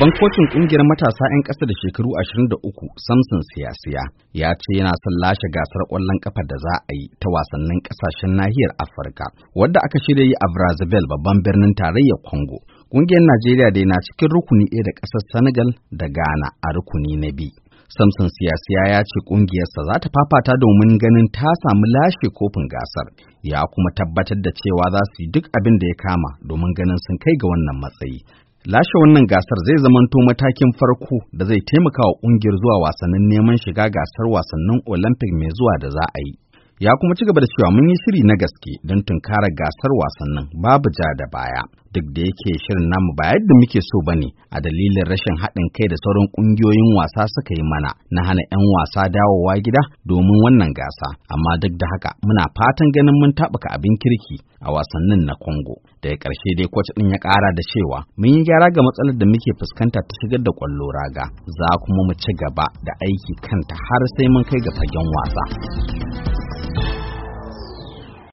Babban kocin kungiyar matasa 'yan ƙasa da shekaru 23 Samson Siyasiya ya ce yana son lashe gasar ƙwallon ƙafa da za a yi ta wasannin ƙasashen nahiyar Afirka, wadda aka shirya yi a Brazzaville babban birnin tarayyar Congo. Kungiyar Najeriya dai na cikin rukuni ɗaya da ƙasar Senegal da Ghana a rukuni na biyu. Samson Siyasiya ya ce ƙungiyarsa za ta fafata domin ganin ta samu lashe kofin gasar, ya kuma tabbatar da cewa za su yi duk abin da ya kama domin ganin sun kai ga wannan matsayi. Lashe wannan gasar zai zamanto matakin farko da zai taimaka wa ƙungiyar zuwa wasannin neman shiga gasar wasannin Olympic mai zuwa da za a yi. ya kuma ci gaba da cewa mun yi shiri na gaske don tunkara gasar wasannin babu ja da baya duk da yake shirin namu ba yadda muke so ba ne, a dalilin rashin haɗin kai da sauran ƙungiyoyin wasa suka yi mana na hana 'yan wasa dawowa gida domin wannan gasa amma duk da haka muna fatan ganin mun taɓuka abin kirki a wasannin na Congo daga ƙarshe dai kwace ɗin ya ƙara da cewa mun yi gyara ga matsalar da muke fuskanta ta shigar da ƙwallo raga za kuma mu ci gaba da aiki kanta har sai mun kai ga fagen wasa.